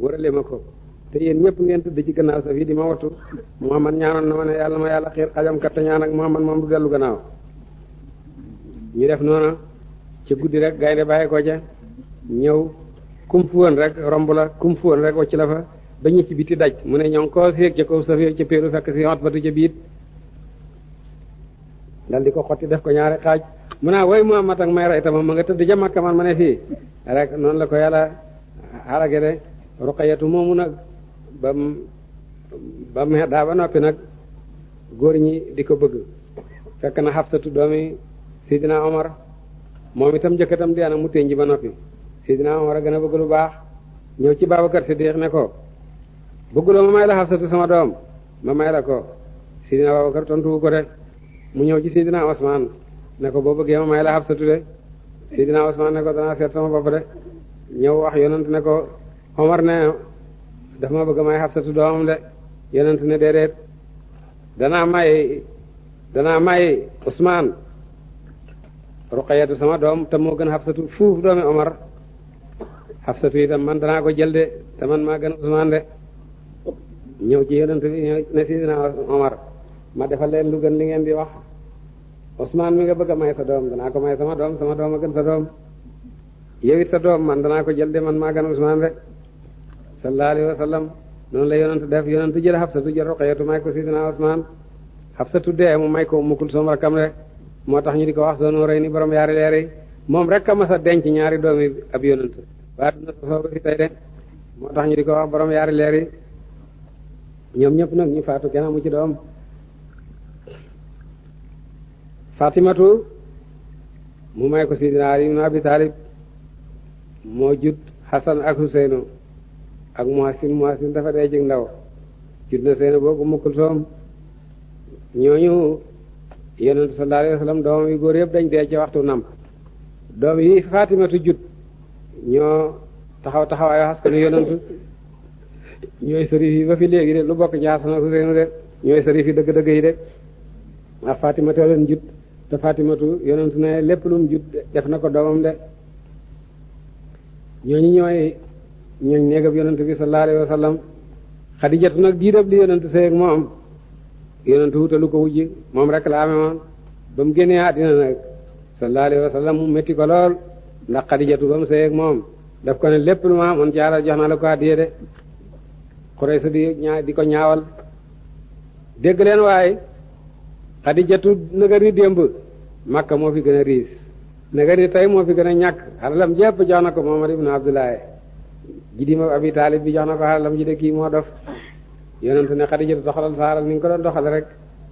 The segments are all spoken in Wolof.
warale ma ko te yéen ñëpp ngeen tudd ci gannaaw saf yi di ma wattu Muhammad ñaanoon na ma ne yàlla ma yàlla xiir xajam kat te ñaan ak def noona ci guddi rek gaynde bàyyi ko ca ñëw woon rek romb la kum fu woon la fa ci biti daj mu ne ñoo ngi koo séeg ca kaw safee ca péeru fekk si xot batu ca biit dal di ko xotti def ko ñaari xaaj mu naa ah, way Muhammad ak may rey tamam ma nga tëdd ca Makka man ma ne fii rek noonu la ko yàlla xarage de ruqayatu moomu nag ba mu daa ba noppi nag góor ñi di ko bëgg fekk na xafsatu doomi sidina omar moom itam tam di ana mu ténji ba noppi sidina omar a gën a bëgg lu baax ñëw ci Babacar Siddiq ne ko bëgguloo ma may la xafsatu sama doom ma may la ko sidina mu ñëw ci sidina Osman ne ko boo bëggee ma may la xafsatu de sidina Osman ne ko danaa seet sama bopp de ñëw wax yonent ne ko Omar ne dafa ma bëgg may Xafsatu doomam de yonent ne déedéet danaa may danaa may Usmaan Ruqayatu sama doom te moo gën Xafsatu fuuf doomi Omar Xafsatu itam man danaa ko jël de te man maa gën ci yonent bi ñëw ne ma leen lu gën li ngeen di wax Usmaan mi nga bëgg a may sa sama doom sama doom a gën sa doom yow sa doom man danaa ko jël de man maa gën Usmaan de sallallahu alayhi wa noonu la yonentu def yonentu jël xabsatu jël roqayatu may ko sidina Usmaan xabsatu dee mu may ko Ummu Kulsum rakkam rek moo tax ñu di ko wax soo rëy ni borom yaari leer moom rek a mas a denc ñaari doomi ab yonentu waa dina soo ko fi de moo tax ñu di ko wax borom yaari leer yi ñoom ñëpp nag ñu faatu kenn amu ci doom Fatimatu mu may ko sidina Ali Abi Talib moo jut Hasan ak Huseynu ak muasin muasin dafa day jëg ndaw judd na seen boogu mukkul soom ñooñu yonent sallallahu alayhi wasallam doomam yi góor yëpp dañ dee ci waxtu namp doom yi Faatimatu jut ñoo taxaw taxawaayu askanu yonent ñooy sërif yi ba fi lu bokk ci Hasan ak Huseyn de ñooy sërif yi dëgg-dëgg yi de ak Faatimatu leen jut te Faatimatu yonent ne lépp lu def na ko doomam de ñooñu ñooy ñooñ néegab yonent bi sallallahu alayhi wa sallam xadijatu nag diidab li yonent seeg moom yonent wutalu ko wujj moom rek la amee ba mu génnee àddina nag sallallahu alayhi wa sallam mu métti ko lool ndax xadijatu ba mu seeg moom daf ko ne lépp lu ma amoon ci alal jox na la ko àddiye de Quraysh di ñaa di ko ñaawal dégg leen waaye xadijatu naga ni démb Makka moo fi gën a riis naga ni tey moo fi gën a ñàkk alalam jépp jox na ko Muhammad ibn Abdullahi jidima abi taalib bi jox na ko xalalam ji de kii moo dof yonent ne xadijatu doxalal saaral ni ko doon doxale rek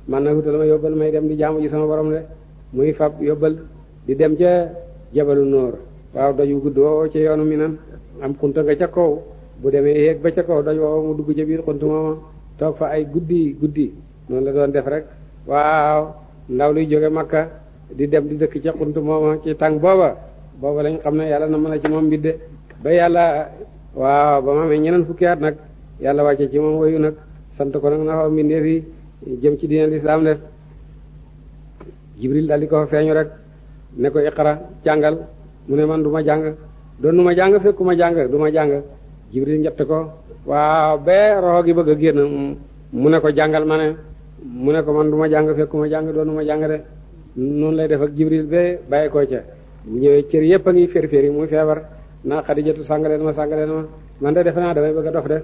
man na wutal ma yóbbal may dem di jaamu ji sama borom de muy fab yóbbal di dem ca jabalu nóor waaw doj wu gudd woo yoonu mi nan am xunta nga ca kaw bu demee yéeg ba ca kaw doj woo mu dugg ca biir xunt mooma toog fa ay guddi guddi noonu la doon def rek waaw ndaw luy jóge makka di dem di dëkk ca xunt mooma ci tàng booba booba lañ xam ne yàlla na mën a ci moom mbidde ba yàlla waaw ba ma amee ñeneen fukki at nag yàlla wàcce ci moom wayu nag sant ko nag na xaw mbindeef jëm ci diinal islam def jibril daal di ko fa feeñu rek ne ko iqra jàngal mu ne man duma jàng doon nu ma jàng fekku ma jàng du ma jàng jibril njett ko waaw ba gi bëgg a génn mu ne jàngal ma ne mu ne man du ma jàng ma jàng doon nu ma jàng de noonu lay def ak jibril ba bàyyi koo ca mu ñëwee cër yépp a ngi fér fér yi muy feebar naa xadijatu sàngaleen ma sàngaleen ma man de defe naa damay bëgg a dof de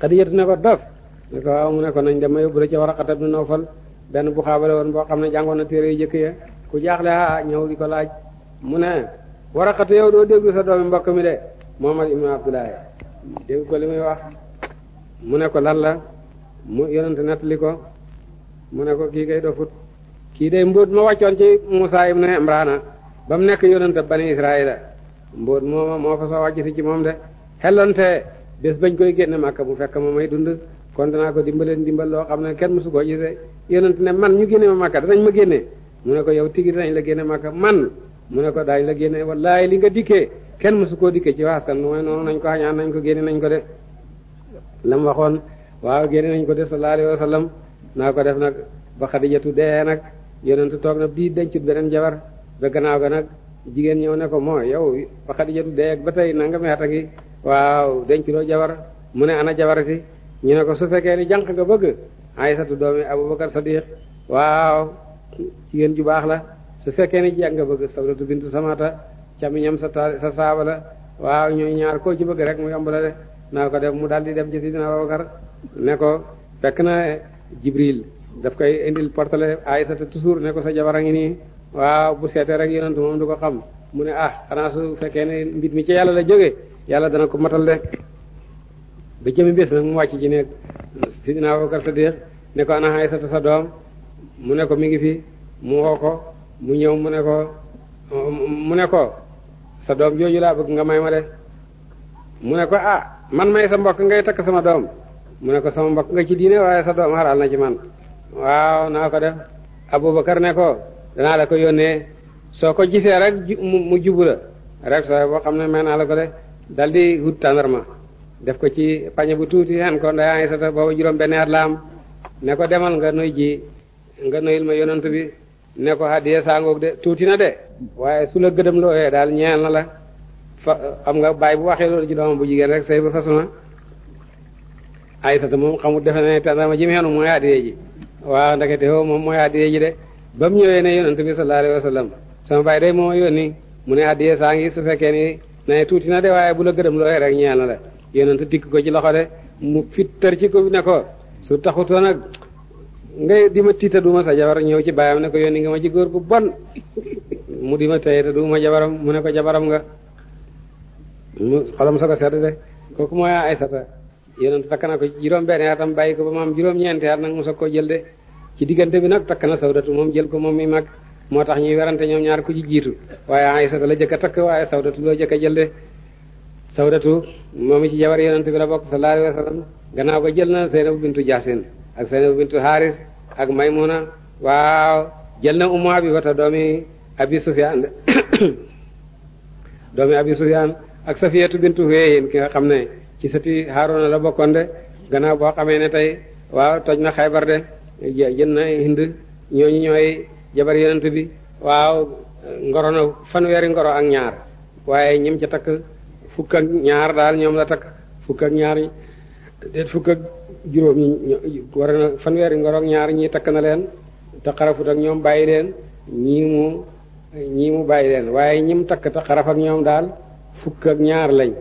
xadijatu ne ko dof ne ko waaw mu ne nañ dama yóbbu la ca war a xatab nu Nawfal benn bu xaabale woon boo xam ne jàngoon na téere yu jëkk ya ku jaaxle ah ñëw di ko laaj mu ne war a xatu yow doo déglu sa doomi mbokk mi de Muhammad ibn Abdullahi dégg ko li muy wax mu ne ko lan la mu yonente nettali ko mu ne kii kay dofut kii day mbóot ma wàccoon ci Musaa ibn Imraana ba mu nekk yonente bani Israila mbóot mooma moo fa soo si ci moom de xellonte bés bañ koy génne màkka mu fekk ma may dund kon danaa ko dimbaleen dimbal loo xam ne kenn mosu koo gisee yonent ne man ñu génne ma màkka danañ ma génne mu ne ko yow tigi danañ la génne màkka man mu ne ko daañ la génne wallaay li nga dikkee kenn mosu koo dikkee ci waaskan lu mooy noonu nañ ko xañaan nañ ko génne nañ ko de lam waxoon waaw génne nañ ko de sallallahu alayhi wa sallam naa ko def nag ba xadijatu dee nag yonentu toog na bii dencut beneen jabar ba gannaaw ga nag jigéen ñëw ne ko moo yow ba Xadijatu dee ak ba tey nangami at a ngi waaw denculoo jabar mu ne ana jabarati ñu ne ko su fekkee ni jànq nga bëgg Aysatu doomi Abubakar Sadiq waaw jigéen ju baax la su fekkee ni jàng nga bëgg Sawdatu bintu Samata camiñam sa sa saaba la waaw ñooy ñaar koo ci bëgg rek mu yomb la de naa ko def mu daal di dem ci Sidina Abubakar ne ko fekk na Jibril daf koy indil portale Aysatu toujours ne ko sa jabar a ngi nii waaw bu seetee rek yonent moom du ko xam mu ne ah xanaa su fekkee ne mbir mi ci yàlla la jógee yàlla dana ko matal de ba jëmi bés nag mu wàcc ci nekk sidina Abubakar sa doom mu ne ko mi ngi fi mu woo ko mu ñëw mu ne ko mu ne sa doom jooju laa bëgg nga may ma de mu ne ko ah man may sa mbokk ngay takk sama doom mu ne ko sama mbokk nga ci diine waaye sa doom xaraal na ci man waaw naa ko def Abubakar ne ko danaa la ko yónnee soo ko jisee rek mu jubu la rek soo xam ne may naa la ko de dal di wut tàndarma def ko ci pañe bu tuuti xen ko nday Aysata booba juróom benn at la am ne ko demal nga noy ji nga nuyul ma yonent bi ne ko hadiya sangoog de tuuti na de waaye su la gëdëm looyee daal ñeel na la fa xam nga baay bu waxee loolu ci bu jigéen rek say ba fasu na Aysata moom xamul defe ne tàndarma ji mu xenu mooy hadiya ji waaw ndekete ba mu ñëwee ne yonent bi sallallahu alayhi wasallam sama baay day moo yónni mu ne addiye saa ngi su fekkee ni na tuuti na de waaye bu la gërëm looy rek ñeel la yonent dikk ko ci loxo de mu fit tër ci ko ne ko su taxutoo nag ngay di ma tiita du ma sa jabar ñëw ci baayam ne ko yoon ni nga ma ci góor gu bon mu di ma teye te du ma jabaram mu ne ko jabaram nga mu xolam sa ko sedd de kooku mooy Aysata yonent takk na ko ci juróom benn atam bàyyi ko juróom ñeenti at nag mu soog koo jël ci diggante bi nag takk na sawdatu moom jël ko moom mi mag moo tax ñuy werante ñoom ñaar ku ci jiitu waaye Aysata la jëkk a takk waaye sawdatu loo jëkk a jël de sawdatu moom ci jabar yonent bi la bokk sallallahu alayhi wasallam gannaaw ko jël na Zeynabu bintu Jaasin ak Zeynabu bintu Haris ak Maymuna waaw jël na Ummu Habibata doomi Abi Sufyaan doomi Abi Sufyaan ak Safiyatu bintu Huyayyin ki nga xam ne ci sëti Haaruna la bokkoon de gannaaw boo xamee ne tey waaw toj na Xaybar jën na hind ñooñu ñooy jabar yonent bi waaw ngoro na fanweeri ngoro ak ñaar waaye ñim ca takk fukk ak ñaar daal ñoom la takk fukk ak ñaar ñii fukk na fanweeri ngoro ak ñaar takk na leen te xarafut ak ñoom bàyyi leen ñii mu ñii mu bàyyi leen waaye ñim takk te xaraf ak ñoom daal fukk ak ñaar lañ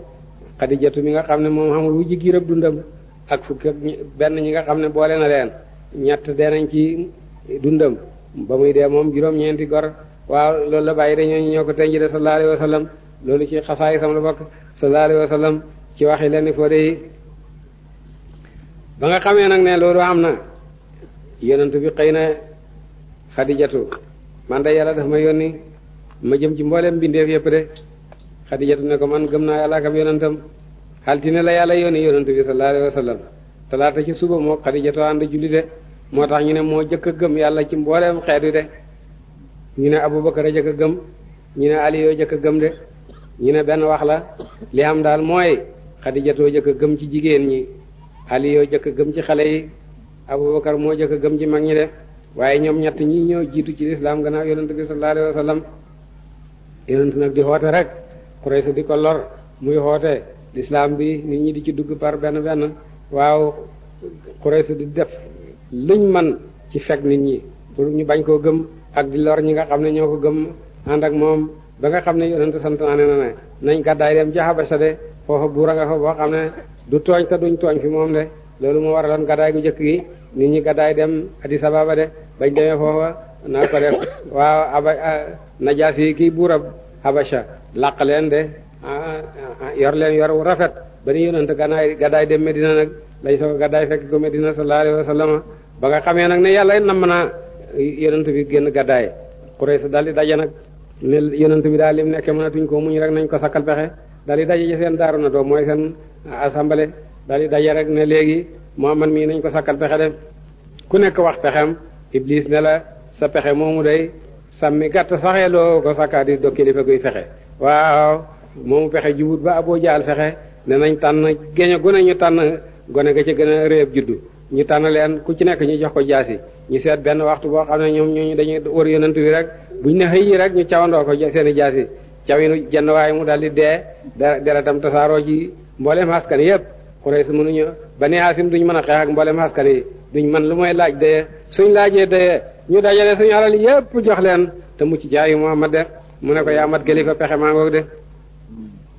xadijatu mi nga xam ne moom xamul wu ji giirab dundam ak fukk ak benn ñi nga xam ne boole na leen ñett dee nañ ci dundam ba muy dee moom juróom-ñeenti gor waaw loolu la bàyyi dañoo ñoo ko tenji de sallallahu alayhi wa sallam loolu ci xasaay sam la bokk sallallahu alayhi wa sallam ci waxi lenn foo de ba nga xamee nag ne loolu am na yonent bi xëy na xadijatu man de yàlla daf ma yónni ma jëm ci mbooleem mbindeef yëpp de xadijatu ne ko man gëm naa yàlla ak yonentam xaltine la yàlla yónni yonent bi sallallahu alayhi wa sallam talaata ci suba moo xadijatu ànd julli de moo tax ñu ne moo jëkk a gëm yàlla ci mbooleem xeetu de ñu ne Abubakar a jëkk gëm ñu ne Ali yoo jëkk gëm de ñu ne benn wax la li am daal mooy Xadijatoo jëkk a gëm ci jigéen ñi Ali yoo jëkk gëm ci xale yi Abubakar moo jëkk gëm ci mag ñi de waaye ñoom ñett ñi ñoo jiitu ci lislaam gannaaw yonent bi sallallahu alayhi wasallam yonent nag di xoote rek Quraysh di ko lor muy xoote lislaam bi nit ñi di ci dugg par benn benn waaw Quraysh di def luñ man ci fekk nit ñi pour ñu bañ koo gëm ak di lor ñi nga xam ne ñoo ko gëm ànd ak moom ba nga xam ne yonent sant naa ne na ne nañ gàddaay dem ca Habasa de foofa buura nga fa boo xam ne du tooñ te duñ tooñ fi moom de loolu moo waraloon gàddaay gu njëkk gi nit ñi gàddaay dem Addis Ababa de bañ demee foofa naa ko def waaw aba ah, najaas yi kii buurab Habasa làq leen de ah, ah, yor leen yor wu rafet ba ni yonent gànnaay gàddaay dem Medina nag lañ soog a gàddaay fekk ko Medina sallallahu alayhi wa sallam ba nga xamee nag ne yàlla nam na yonent bi génn gàddaay Quraysh dal di daje nag ne yonent bi daal lim nekk mënatuñ ko muñ rek nañ ko sakkal pexe daal di daje ci seen daaru na doo mooy seen assemblée daal di daje rek ne léegi man mii nañ ko sakkal pexe de ku nekk wax pexem Iblis ne la sa pexe moomu day sàmmi gàtt saxee loo ko sakkaa di do kilifa guy fexe waaw moomu pexe jubut ba Abu Jaal fexe ne gone ga ca gën a réeb juddu ñu tànn leen ku ci nekk ñu jox ko jaas yi ñu seet benn waxtu boo xam ne ñoom ñu dañuy wër yonent bi rek ñu ne xëy yi rek ñu cawandoo ko seen i jaasi cawinu jenn waaye mu daal di dee deretam tasaaroo ji mbooleem askan yépp Quraysh mënuñu Bani Haasim duñ mën a xeex ak mbooleem askan yi duñ mën lu mooy laaj dayee suñ laajee dayee ñu dajale suñu alal yépp jox leen te mucc jaayu Muhammad de mu ne ko yaa mat gëli pexe maa ngoog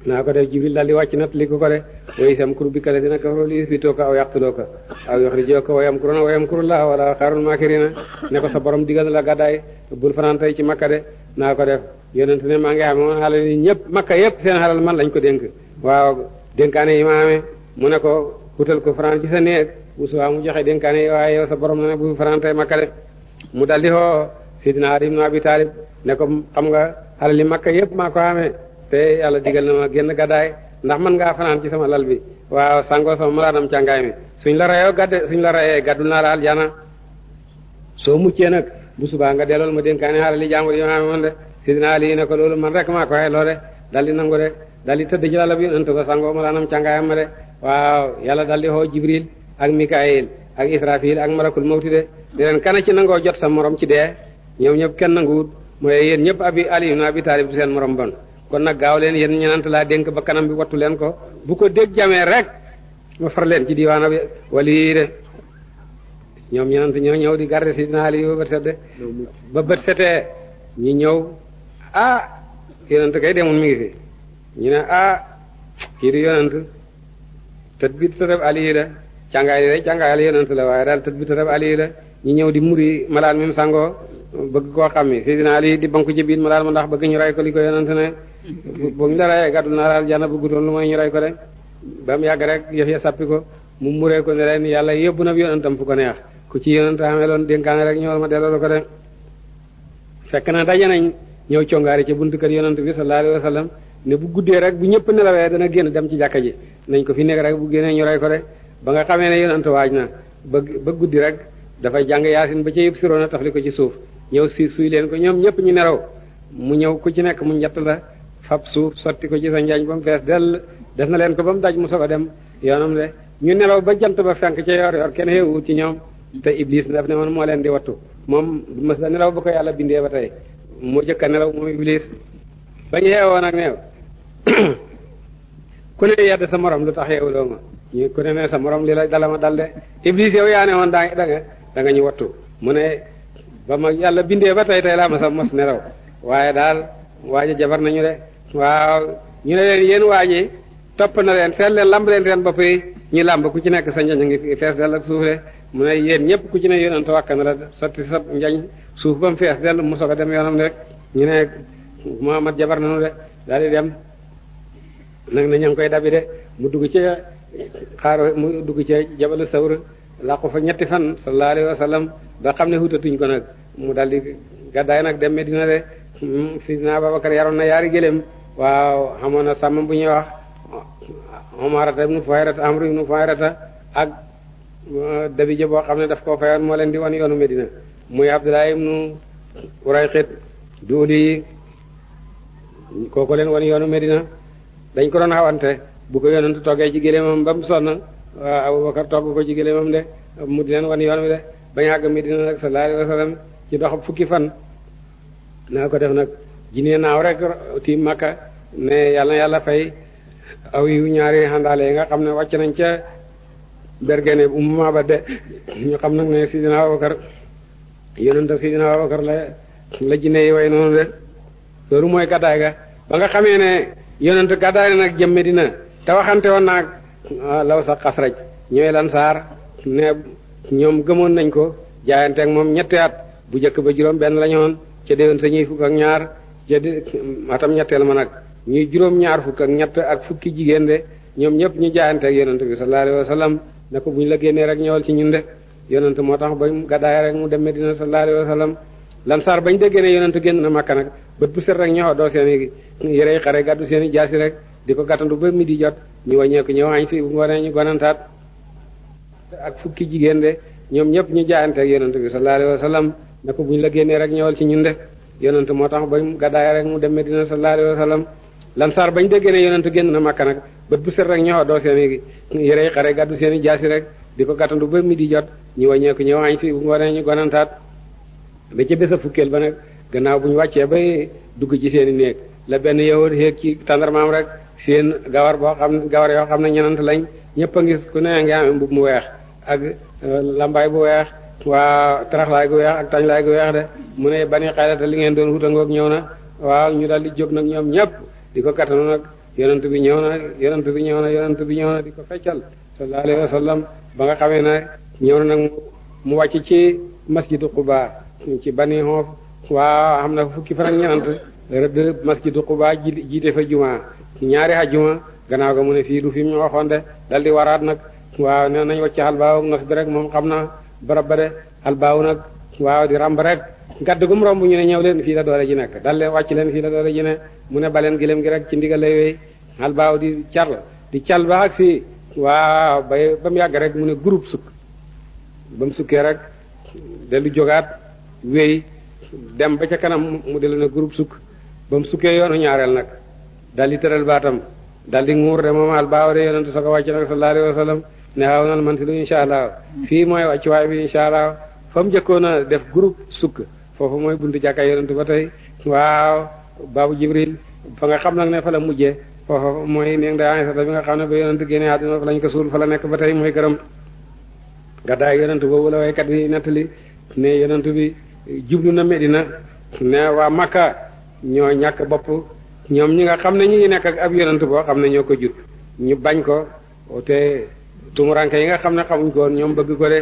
naa ko def jibril daal di wàcc nat li ko ko de wa isam kur bi kale dina kafaru li isbitoo ko aw la gàddaay bul fanaan tey ci makka de ko def yonent ne maa ngi xam moom xalal yi ñëpp makka yëpp seen xalal man yi ma mu ne ko ko fanaan ci sa néeg usuwaa mu joxe dénkaane waaye sa borom na ne bu fanaan tey makka de mu daldi xoo sidina Ali ibn Abi Talib ne ko xam nga xalali makka yëpp maa ko amee te yàlla digal na ma génn gàddaay ndax mën ngaa fanaan ci sama lal bi waaw sangoo sama malaanam càngaay mi suñ la rayoo gàdde suñ la rayee gàddul naa la aljana soo muccee nag bu subaa nga dellool ma dénkaane xaala li jàmbur yi ma amoon de sidina man rek maa ko waxee loo de daldi nangu de daldi tëdd ci lal bi yonent ba sangoo malaanam càngaayam ma de waaw yàlla daldi xoo Jibril ak Mikaayil ak Israfil ak malakul mawti de ne leen kana ci nangoo jot sa morom ci dee ñoom ñëpp kenn nanguwut mooy yéen ñëpp abi Ali ibn Abi Talib du kon nag gaaw leen yéen ñenant laa dénk ba kanam bi wattu leen ko bu ko dégg jamee rek ma far leen ci diwaana bi wali de ñoom ñenant ñoo ñëw di garde si dinaali ba bët set de setee ñi ñëw ah yonent kay demul mi ngi fi ñu ne ah kii di yonent tët bi tërëb ali la càngaay li day càngaayal yonent la waaye daal tët bi tërëb ali la ñi ñëw di muri malaan mi mu sangoo bëgg koo xam ni Seydina Ali di ci jëbiit ma daal ma ndax bëgg ñu ray ko li ko yonante ne bu ñu la rayee gàddu naa daal jànna bëggutoon lu ñu ray ko de ba mu yàgg rek yëf ya sàppi ko mu muree ko ne leen yàlla yóbbu na yonantam fu ko neex ku ci yonante xamee loon dénkaane rek ma delloo ko de fekk na daje ñëw congaari ci buntu kër yonante bi sallallahu alayhi wasallam ne bu guddee rek bu ñëpp nelawee dana génn dem ci jàkka ji nañ ko fi nekk rek bu génnee ñu ray ko de ba nga xamee ne yonante waaj na ba ba guddi rek dafay jàng yaasin ba ca yëpp a taf li ko ci suuf ñëw suy suy leen ko ñoom ñëpp ñu neraw mu ñëw ku ci nekk mu njatt la fab suuf sotti ko ci sa njaañ ba mu fees dell def na leen ko ba mu daj mu soog a dem yoonam de ñu nelaw ba jant ba fenk ca yor yor kenn xewut ci ñoom te iblis daf ne man moo leen di wattu moom mas da nelaw ba ko yàlla bindee ba tey moo jëkk nelaw moom iblis ba ñu yeewoo nag neew ku ne yedd sa morom lu tax yeewuloo ma ñu ku ne ne sa moroom li la dala ma dal de iblis daa da nga da ba ma yàlla bindee ba tey tey laa ma sa mos nelaw waaye daal waaje jabar nañu de waaw ñu ne leen yéen waaje topp na leen seet leen lamb leen seen bopp yi ñi làmb ku ci nekk sa njañ a ngi fees suuf yéen ñëpp ku ci ne yonent wàkk na la sa njañ suuf ba mu fees dell mu soog a dem yoonam rek ñu ne Muhammad jabar nañu de daal di dem nag na ña ngi koy dabi de mu dugg ci xaaru mu dugg ci jabalu sawr làqu fa ñetti fan sallallahu alayhi ba xam ne hutatuñ ko nag mu dal di nag dem Medina de fi na Abubakar yaroon na yaari gëléem waaw xamoon na sàmm bu ñuy wax Umarata ibnu nu Amru ibnu Fuhayrata ak euh, dabije boo xam ne daf koo fayoon moo leen di wan yoonu Medina muy Abdullah ibnu Urayqit duuli kooku leen wan yoonu Medina dañ ko doon xawante bu ko yonentu toggee ci gëléemam ba mu sonn waaw Abubakar togg ko ci gëléemam de mu di leen wan yoon wi de bañ àgg Medina nag sallallahu alayhi wasallam ci dox fukki fan naa ko def nag jinee naaw rek ti yàlla yàlla fay aw yu ñaari xandaale nga xam ne wàcc nañ ca bergene bu mu ba de ñu xam la la jinne yi way noonu de loolu mooy gàddaay ga ba nga xamee ne yonent gàddaay nag jëm Medina te waxante woon naag Ah, law sax sa xasraj ñooy lansaar ne ñoom gëmoon nañ ko jaayante moom ñetti at bu jëkk ba juróom benn la ñoon ca déwén sa ñuy fukk ak ñaar ca atam ñetteel ma nag ñuy juróom ñaar fukk ak ñett ak fukki jigéen de ñoom ñëpp ñu jaayante ak yonent bi sallallahu alayhi wa sallam ne ko bu ñu la génnee rek ñëwal ci ñun de yonent moo tax ba gàddaay rek mu dem Medina sallallahu alayhi wa sallam lansaar bañ déggee ne yonent génn na Makka nag bët bu set rek ñoo doo seen i yërey xare gàddu seen i jaasi rek di ko gàttandu ba mi di jot ñu wàññeeku ñëw añ si bu ngoonee ñu gonantaat ak fukki jigéen de ñoom ñëpp ñu jaayante ak yonent bi sallallahu alayhi wasallam ne ko buñ la génnee rek ñëwal ci ñun de yonent moo tax ba gàddaay rek mu dem Medina sallallahu alayhi wasallam lan saar bañ déggee ne yonent génn na Makka nag bët bu set rek ñoo doo seen i yërey xare gàddu seen i jaasi rek di ko gàttandu ba mi di jot ñu wàññeeku ñëw añ si bu ngoonee ñu gonantaat ba ca bés a fukkeel ba nag gannaaw bu ñu wàccee bay dugg ci seen i néeg la benn yahud xéeg ci tàndarmaam rek seen gawar boo xam ne gawar yoo xam na ñenant lañ ñëpp a ngis ku ne ngi am mbub mu weex ak euh, lambaay bu weex waa taraxlaay gu weex ak tañlaay gu weex de mu ne bani xaylata li ngeen doon wutangoog ñëw na waaw ñu daal di jóg nag ñoom ñëpp di ko kattanu nag yonent bi ñëw na yonent bi ñëw na yonent bi ñëw na di ko feccal sallallahu alayhi wa ba nga xamee ne ñëw na nag mu wàcc ci masjidu Quba ci bani xoof waa xam na fukki fan ak ñenant rëdd masjidu Quba jiite fa jumaa ñaari ñaari ajjuma gannaaw ga mu ne fii du fi mu waxoon de dal waraat nag waaw nee nañ wacc albaaw nos bi rek moom xam naa barab ba de albaaw nag waaw di ràmb rek gadd gum romb ñu ne ñëw leen fii la doole ji nekk dal leen wàcc leen fii la doole ji ne mu ne baleen gileem gi rek ci ndigal lay wéy albaaw di car di cal ba ak fii waa ba ba mu yàgg rek mu ne groupe sukk ba mu sukkee rek dellu jógaat wéy dem ba ca kanam mu dellu ne groupe sukk ba mu yoonu ñaareel nag daal di tëral baatam daal di nguur de moom al baaw de yonentu sa ko wàcc nag sallallahu alayhi wa sallam ne xaw nal allah fii mooy wàcc waay bi insha allah def groupe sukk foofu mooy buntu jàkkaay yonentu ba tey waaw baabu jibril fa xam nag ne fa la mujjee mooy néeg da Aysa bi ko suul fa nekk ba tey mooy këram gaddaay yonentu boobu la waykat bi nettali ne yonentu bi jublu na Medina ne waa Makka ñoo ñàkk bopp ñoom ñi nga xam ne ñu ngi nekk ak ab yonent boo xam ne ñoo ko jut ñu bañ ko te tumuranke yi nga xam ne xamuñ ko ñoom bëgg ko de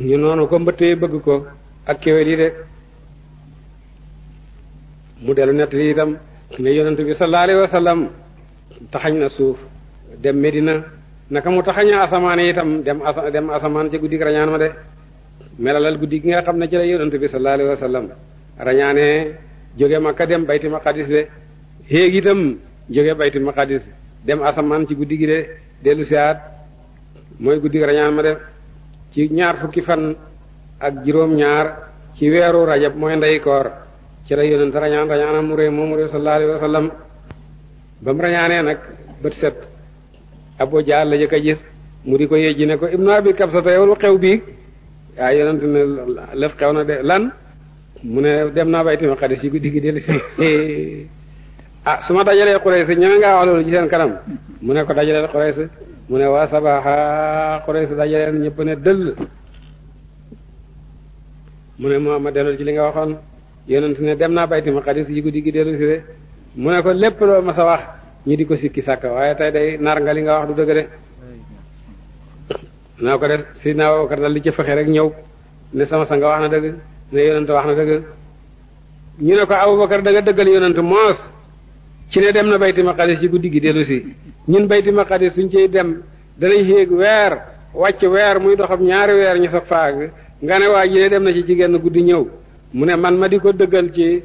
ñu noonu ko mbëtt yi bëgg ko ak kéwél yi de mu dellu nett li itam ne yonent bi sallallahu alayhi wa sallam taxañ na suuf dem Medina naka mu taxañee asamaan itam dem asa dem asamaan ci guddi rañaan ma de melalal guddi gi nga xam ne ci la yonent bi sallallahu alayhi wa sallam rañaanee jóge Makka dem bayti maqadis de xéeg itam jóge bayti maqadis dem asamaan ci guddi gi de dellu mooy guddi gi rañaan ma de ci ñaar fukki fan ak juróom ñaar ci weeru rajab mooy ndey koor ci la yonent rañaan rañaana mu réew moom mu réew sallallahu alayhi wa rañaanee nag bët set Abu Jahl la jëkk gis mu di ko yejji ne ko ibnu abi kabsata yow lu xew bii waaye yonent ne lëf xew na de lan mu ne dem naa bay timi xadis yi guddi gi dellu si ah su ma dajalee Quraysh ñeme ngaa wax loolu ci seen kanam mu ne ko dajaleel Quraysh mu ne waa sabaxa Quraysh dajaleen ñëpp ne dëll mu ne moo ma dellul ci li nga waxoon yonent ne dem naa bay timi xadis yi guddi gi dellu de mu ne ko lépp loo ma sa wax ñi di ko sikki sàkk waaye tey day nar nga li nga wax du dëgg de naa ko def si naa wokar dal li ci fexe rek ñëw ne sama sa nga wax na dëgg ne yonent wax na dëgg ñu ne ko Abubakar da nga dëggal yonent moos ci ne dem na bayti maqadis ci guddi gi dellu si ñun bayti maqadis suñ ciy dem danañ yéeg weer wàcc weer muy doxam ñaari weer ñu soog faa nga ne waa ji ne dem na ci jigéen guddi ñëw mu ne man ma di ko dëggal ci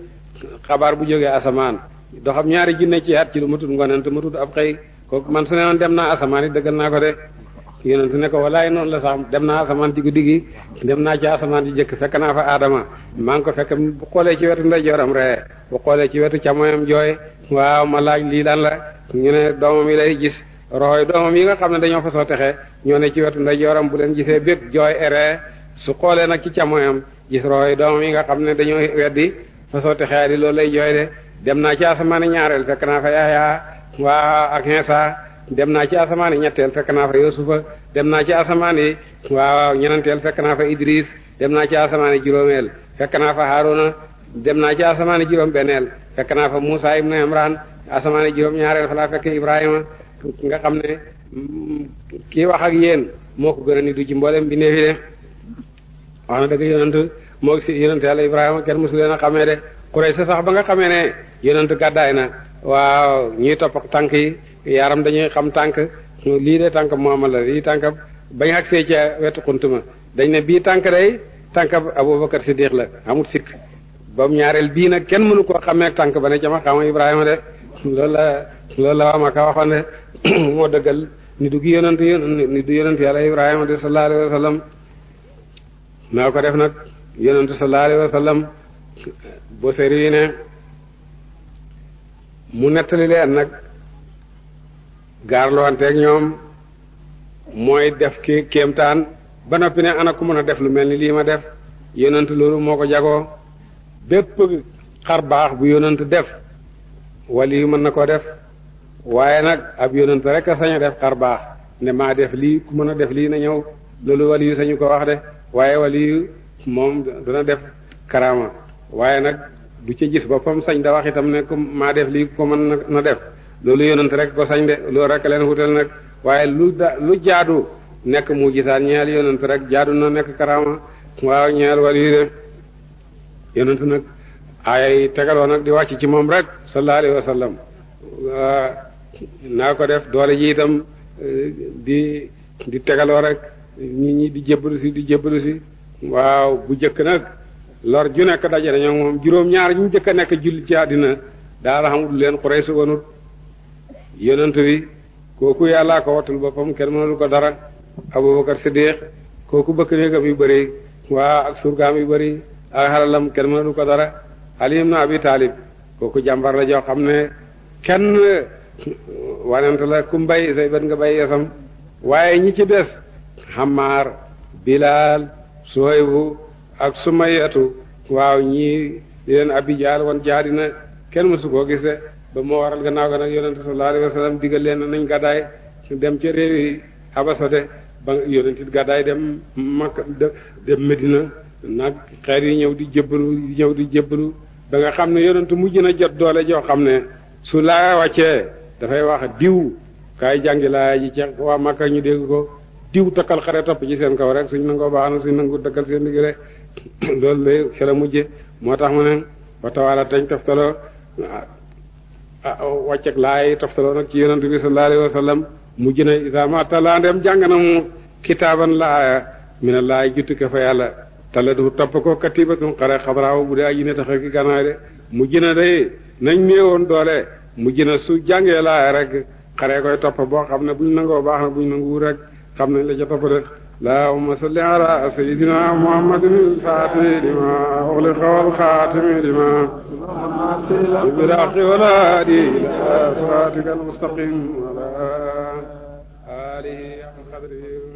xabaar bu jógee asamaan doxam ñaari junne ci at ci lu matut ngonent matut ab xëy kooku man su ne woon dem naa asamaan yi dëggal naa ko de yonent ne ko walaay noonu la sax dem naa asamaan ci guddi gi dem naa ci asamaan ci jëkk fekk naa fa aadama maa ngi ko fekk bu xoolee ci wetu ndeyjooram ree bu xoolee ci wetu càmmoñam jooy waaw ma laaj lii lan la ñu ne doomam yi lay gis roxoy doomam yi nga xam ne dañoo fasoo texe ñoo ne ci wetu bu leen gisee bépp jooy ree su xoolee nag ci càmmoñam gis roxoy doomam yi nga xam ne dañoo weddi fasoo texea di loolu lay jooy de dem naa ci asamaan ñaareel fekk naa fa Yahya waa ak dem naa ci asamaan yi ñetteel fekk naa fa Yusufa dem naa ci asamaan yi waaw ñenanteel fekk naa fa Idris dem naa ci asamaan yi fekk naa fa Haruna dem naa ci asamaan yi juróom benneel fekk naa fa Musa ibn Imran asamaan yi juróom ñaareel fa laa fekk Ibrahima nga xam ne mm, kii wax ak yéen moo ko gën a ni du ci mboolem bi neefi de wax na dëgg yonent moo si yonent yàlla Ibrahima kenn mosu leen a xamee de sa sax ba nga xamee ne yonent gàddaay na waaw ñuy topp tànk yi yaram dañuy xam tànk lii de tànk Muhammad la lii tànk bañ agsee ca wetu xuntuma dañ ne bii tànk day tànk Abubakar Siddiq la amut sikk ba ñaareel bii nag kenn mënu koo xamee tànk ba ne ca ma xama Ibrahima de loolu la loolu la waa Makka waxoon de moo dëggal ni du yonent ni du yonent yàlla Ibrahima de sallallahu alayhi wa sallam maa ko def nag yonent sallallahu alayhi wa sallam boseer yi ne mu nettali leen nag gaarloonteeg ñoom mooy def ki kéemtaan ba noppi ne ana ku mën a def lu mel ni lii ma def yonent loolu moo ko jagoo bépp xar baax bu yonent def wali mën na koo def waaye nag ab yonent rek a saña def xar baax ne maa def lii ku mën a def lii na ñëw loolu wali sañu ko wax de waaye wali yu moom dana def karaama waaye nag du ci gis boppam sañ da wax itam ne ku maa def lii ko mën na def loolu yonent rek ko sañ de loolu rek leen wutal nag waaye lu da lu jaadu nekk mu gisaan ñeel yonent rek jaadu na nekk karaama waaw ñeel wala nag ay tegaloo nag di wàcc ci moom rek sallallahu alayhi wa naa ko def doole ji itam di di tegaloo rek nit ñi di jébbalu si di jébbalu si waaw bu jëkk nag lor ju nekk daje nañoo moom juróom-ñaar ñu njëkk nekk julli ci àddina daala xamul leen Quraysh wanut yonent bi kooku yàllaa ko wattul boppam kenn mënul ko dara Abubakar Siddiq kooku bëkk néegam yu bëri waa ak surgaam yu bëri ak xalalam kenn mënul ko dara Ali ibn Abi Talib kooku jàmbar la joo xam ne kenn wanent la ku mbay say bët nga bay yesam waaye ñi ci des Hammaar Bilal Suhaybu ak su sumayatu waaw ñii di leen abi jaal wan jaari na kenn mësu koo gise ba moo waral gannaaw ga nag yonente sallallahu alayhi wa sallam digal leen nañ gàddaay dem ca réewi ba yonent it gàddaay dem Makka dem Medina nag xeer yi ñëw di jébbalu ñëw di jébbalu ba nga xam ne yonentu mujj na jot doole joo xam ne su laa wàccee dafay wax diw kaay jàngi laa ji ce waa Makka ñu dégg ko diw takkal xere topp ci seen kaw rek suñ nangoo baax na suñ nangu takkal seen digg rek loolu lay ca la mujje moo tax mu ne ba tawaala tañ toftaloo ah, ah, wàcceg laay toftaloo nag ci yonent bi sallallahu alayhi wa mu mujj na isaama tala ndem jàng na mu kitaaban laaya mi ne laay juttuke fa yàlla tala du topp ko katibatun xare xabaraaw bu dee aji ne tax ki gannaay de mujj na day nañ néewoon doole mu na su jàngee laaya rek xare koy topp boo xam ne buñ nangoo baax na buñ nanguwu rek xam nañ la ca topp de اللهم صل على سيدنا محمد الفاتح لما أغلق والخاتم لما بالحق والهادي إلى صراطك المستقيم وعلى آله حق قدره